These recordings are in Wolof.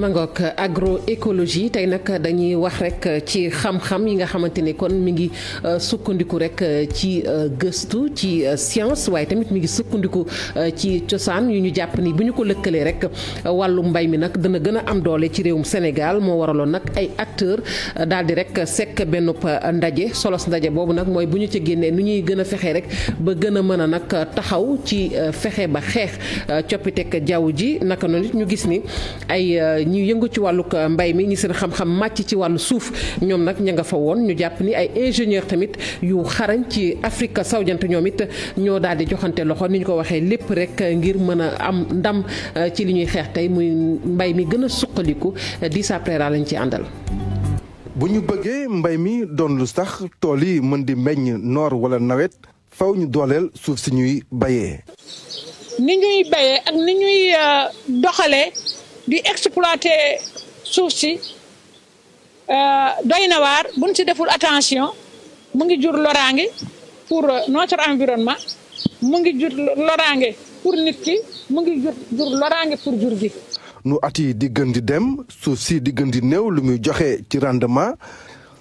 mangook agroécologie tey nag dañuy wax rek ci xam-xam yi nga xamante ni kon mu ngi euh, sukkandiku rek euh, ci euh, gëstu ci science waaye tamit mi ngi sukkandiku ci cosaan yu ñu jàpp ni bu ñu ko lëkkalee rek wàllu mbay mi nag dana gën a am doole ci réewum Sénégal moo waraloon nag ay acteur daal di rek sekk benn ndaje solos ndaje boobu nag mooy bu ñu ci génnee ni ñuy gën a fexee rek ba gën a mën a nag taxaw ci fexe ba xeex coppiteg jaww ji naka noonu ñu gis ni ñuy yëngu ci wàllug euh, mbay mi ñi seen xam-xam màcc ci wàllu suuf ñoom nag ña nga fa woon ñu jàpp ni ay ingénieur tamit yu xarañ ci Afrique saw ñoom it ñoo daal di joxante loxo ni ñu ko waxee lépp rek ngir mën a am ndam euh, ci li ñuy xeex tey muy mbay mi gën a suqaliku euh, diis après lañ ci àndal. bu ñu bëggee mbay mi doon lu sax tool yi mën di meññ noor wala nawet faw ñu dooleel suuf si ñuy bayee. ni ñuy bayee ak ni ñuy doxalee di exploiter suuf si euh, doy na waar buñ si deful attention mu ngi jur loraange pour notre environnement mu ngi jur loraange pour nit ki mu ngi jur loraange pour jur gi. nu at yi dem suuf si digganti néew lu muy joxe ci rendement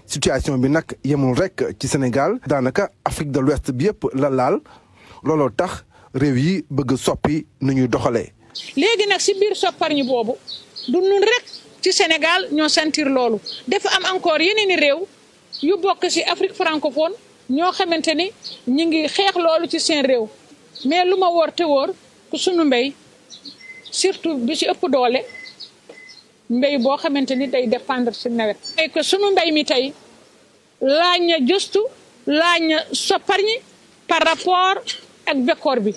situation bi nag yemul rekk ci Sénégal daanaka Afrique de l'Ouest bi yëpp la laal looloo tax réew yi bëgg soppi nu ñuy doxalee. léegi nag si biir sopparñi boobu du nun rek ci Sénégal ñoo sentir loolu dafa am encore yeneen i réew yu bokk si franco francophone ñoo xamante ni ñu ngi xeex loolu ci seen réew mais lu ma wóor te wóor ku sunu mbéy surtout bi ci ëpp doole mbéy boo xamante ni day dépendre si nawet. ay que sunu mbéy mi tey laaj jostu gëstu laaj na sopparñi par rapport ak bekkoor bi.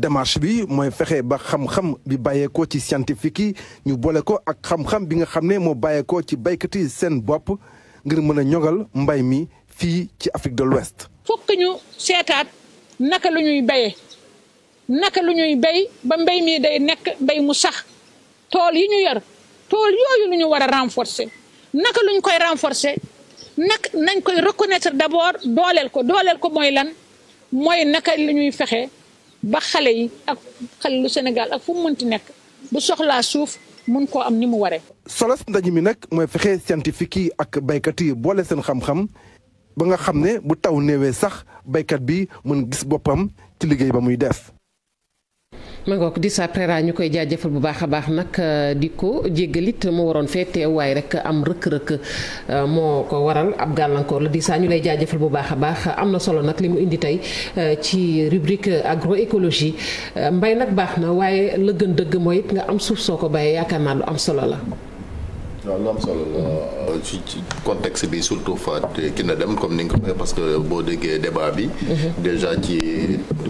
démarche bi mooy fexe ba xam-xam bi bàyyeekoo ci scientifique yi ñu boole ko ak xam-xam bi nga xam ne moo bàyyeekoo ci baykat yi seen bopp ngir mën a ñogal mbay mi fii ci Afrique de l'Ouest. fokk ñu seetaat naka lu ñuy béyee naka lu ñuy bay ba mbay mi day nekk bay mu sax tool yi ñu yar tool yooyu lu ñu war a renforcer naka luñ koy renforcer nak nañ koy reconnaître d'abord dooleel ko dooleel ko mooy lan mooy naka lu ñuy fexe. ba xale yi ak xale lu Sénégal ak fu mu mënti nekk bu soxlaa suuf mun koo am ni mu waree. solos ndaje mi nag mooy fexe scientifique yi ak baykat yi boole seen xam-xam ba nga xam ne bu taw néewee sax baykat bi mën gis boppam ci liggéey ba muy def. ma ngoog di sa ñu koy jaajëfal bu baax a baax nag euh, di ko jéggalit mu waroon fee teew waaye rek am rëkk-rëkk euh, moo ko waral ab gàllankoor la di saa ñu lay jaajëfal bu baax a baax am na solo nag li mu indi tey euh, ci rubrique agroécologie mbay nag baax na waaye la gën dëgg mooy nga am suuf soo ko bayee yaakaar naa lu am solo la waaw lu bi surtout Fat ki na dem comme ni nga ko parce que boo déggee débat bi. Mhm. déjà ci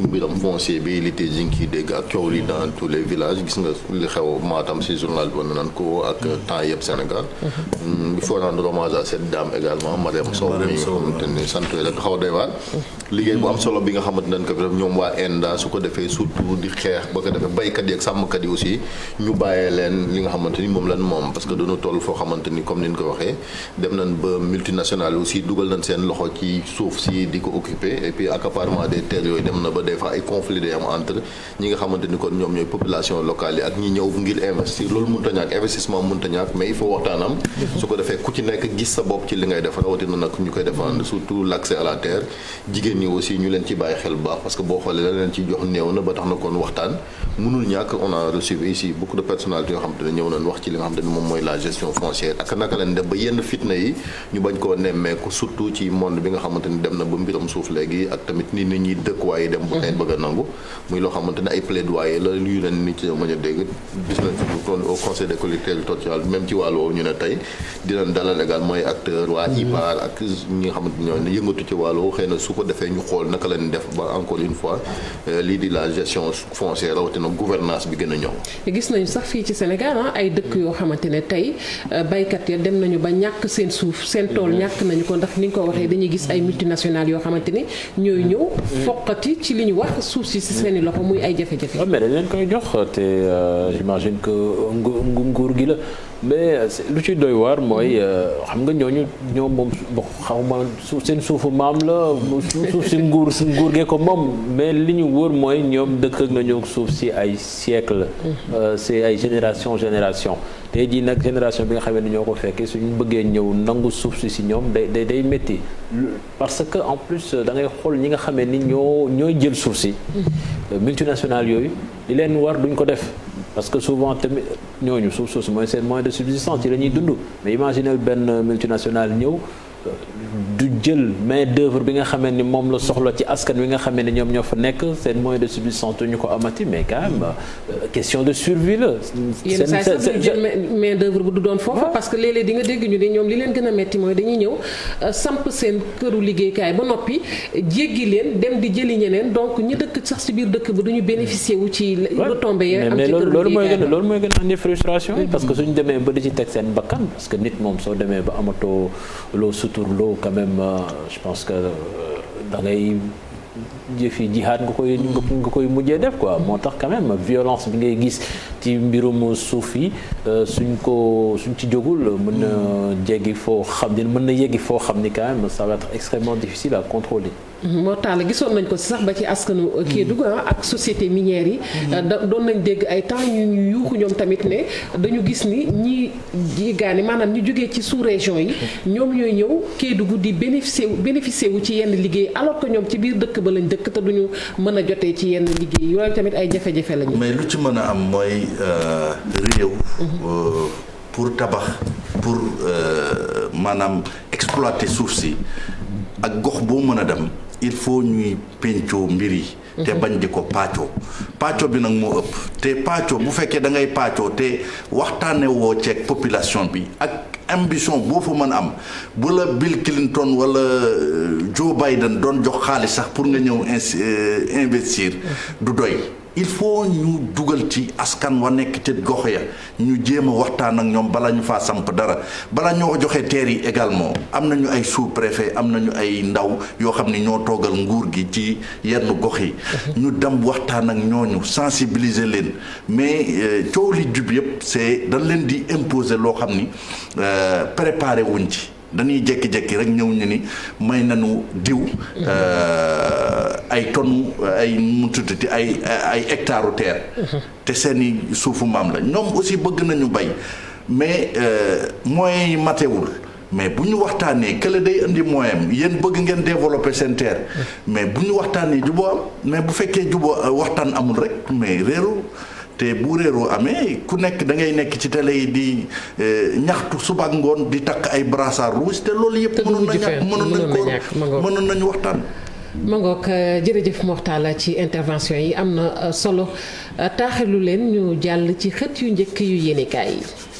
mbiram foncier bi li yi nga ciy dégg ak coow li dans tous les villages gis nga li xew Matam si journal bi wane nañ ko ak mhm. temps yëpp Sénégal. Mhm. Mm, il faut rendre hommage à cette dame également Mariam Sow mi nga xamante ni sant xaw doy waar. liggéey bu am solo bi nga xamante ne ko def ñoom waa ENDA su ko defee surtout di ba ko defee baykat yi ak sàmmkat yi aussi ñu bàyyee leen li nga xamante ni moom lan moom parce que dañu toll. foo xamante ni comme ni ñu ko waxee dem nañ ba multinationale aussi dugal nañ seen loxo ci suuf si di ko occupé et puis accaparement des terres yooyu dem na ba des fois ay conflits day am ni ñëw ngir a a ñàkk mais il faut waxtaanam. su ko defee ku ci nekk gis sa bopp ci li ngay def rawatina nag ñu koy défendre ba tax na kon waxtaan mënul ñàkk on a reçu ici beaucoup de personnalités yoo xam ñëw nañ wax ci li nga xam moom mooy la gestion foncière ak naka lañ def ba yenn fitna yi ñu bañ koo nemmeeku surtout ci monde bi nga xamante ni dem na ba mbiram suuf léegi ak tamit ni nit ñi dëkkuwaay yi dem bu leen bëgg a nangu muy loo xamante ne ay plaidoyer la yu leen nit ñi mën a dégg gis nañ fi kon au conseil des collectivités territoriales même ci wàllu woowu ñu ne tey dinañ dalal mm-hmm. ak ñi nga xamante ñoo ne yëngatu ci wàllu woowu xëy na su ko defee ñu xool naka lañ def ba encore une fois euh, lii di la gestion foncière rawatina gouvernance bi gën a ñëw gis nañu sax fii ci Sénégal ah, ay dëkk yoo xamante ne tey Euh, baykat ya dem nañu ba ñàkk seen suuf seen tool mm-hmm. ñàkk nañu ko ndax ni nga ko waxee dañuy gis ay multinationales yoo xamante ni ñooy mm-hmm. ñëw foqati ci li ñu wax suuf si si mm-hmm. seen i loxo muy ay jafe-jafe. mais dañ leen koy jox te euh, j'imagine que nguur gi la mais euh, lu ci doy waar mooy xam nga ñooñu ñoom moom suuf seen suufu maam la suuf si nguur si nguur gee ko moom mais li ñu wóor mooy ñoom dëkk nañu suuf si ay siècle si ay génération génération tey jii nag génération bi nga xamee ne ñoo ko fekkee suñu bëggee ñëw nangu suuf si si ñoom day day day métti parce que en plus da ngay xool ñi nga xamee ni ñoo ñooy jël suuf si mm-hmm. multinationales yooyu li leen war duñ ko def parce que souvent tamit ñooñu suuf suuf si mooy seen moyen de subsistance ci la ñuy dund mais imaginez benn multinationale ñëw jël main d'œuvre bi nga xamee ni moom la soxla ci askan wi nga xamee ni ñoom ñoo fa nekk seen moyen de subsistance ñu ko amati mais quand même euh, question de survie la. seen seen jël main d'œuvre bu du doon foofa. parce que léeg-léeg ne ñoom li euh, ba noppi jéggi leen dem di jëli ñeneen donc ñu dëkk sax si biir dëkk ba duñu bénéficier wu ci. ba tombé yaa am ci këru liggéeykaay mais loolu gën a loolu frustration mm-hmm. parce que suñu demee ba di ci teg seen bakkan parce que nit moom soo demee ba amatoo loo sutur loo quand effectivement je pense que euh, dangay ngay jëfi jihaad nga koy nga koy mujjee def ko moo tax quand même violence bi ngay gis ci mbirum suuf yi euh, suñ ko suñ ci jógul mën na mm. jéggi foo xam ne mën na yéggi foo xam ni quand même ça va être extrêmement difficile à contrôler moo tax la gisoon nañ ko sax ba ci askanu Kédougou ah, ak société minière yi mm-hmm. euh, doon nañ dégg ay temps ñuy yuuxu ñoom tamit ne dañu gis ni ñi jigaani maanaam ñu jógee ci sous région yi mm-hmm. ñoom ñooy ñëw Kédougou di bénéficier wu bénéficier wu ci yenn liggéey alors que ñoom ci biir dëkk ba lañ dëkk te duñu mën a jotee ci yenn liggéey yooyu tamit ay jafe-jafe lañu mais lu ci mën a am mooy euh, réew mm-hmm. euh, pour tabax pour maanaam exploiter suuf si ak gox boo mën a dem il faut ñuy pencoo mbir yi. te mhm. bañ di ko pàccoo pàccoo bi nag moo ëpp te pàccoo bu fekkee da ngay pàccoo te waxtaane woo ceeg population bi ak. ambition boo fa mën am bu la Bill Clinton wala euh, Joe Biden doon jox xaalis sax pour nga ñëw euh, investir mhm. du doy il faut ñu dugal ci askan wa nekk te gox ya ñu jéem a waxtaan ak ñoom bala ñu faa samp dara bala ñoo joxe teer yi également am nañu ay sous-préfet am nañu ay ndaw yoo xam ne ñoo toogal nguur gi ci yenn gox yi ñu dem waxtaan ak ñooñu sensibiliser leen mais euh, coow li jub yëpp c'est dañ leen di imposer loo xam ni euh, préparé wuñ ci dañuy jékki-jékki rek ñëw ñu ni may nañu diw euh, ay tonne ay mu tuddati ay ay hectares terre te seeni suufu maam la ñoom aussi bëgg nañu bay mais euh, moyens yi matewul mais bu ñu waxtaanee kële day indi moyen yéen bëgg ngeen développer seen terre mais bu ñu waxtaanee juboo am mais bu fekkee juboo waxtaan amul rek mais réeru te bu réeroo amee ku nekk da ngay nekk ci télé yi di eh, ñaxtu suba ak ngoon di takk ay brassard rouge te loolu yëpp. mënoon na ñàkk mënoon nañ ko mënoon nañu waxtaan. ma ngoog eh, jërëjëf Mortalla ci intervention yi am na eh, solo taaxelu leen jàll ci xët yu njëkk yu yéenekaay yi.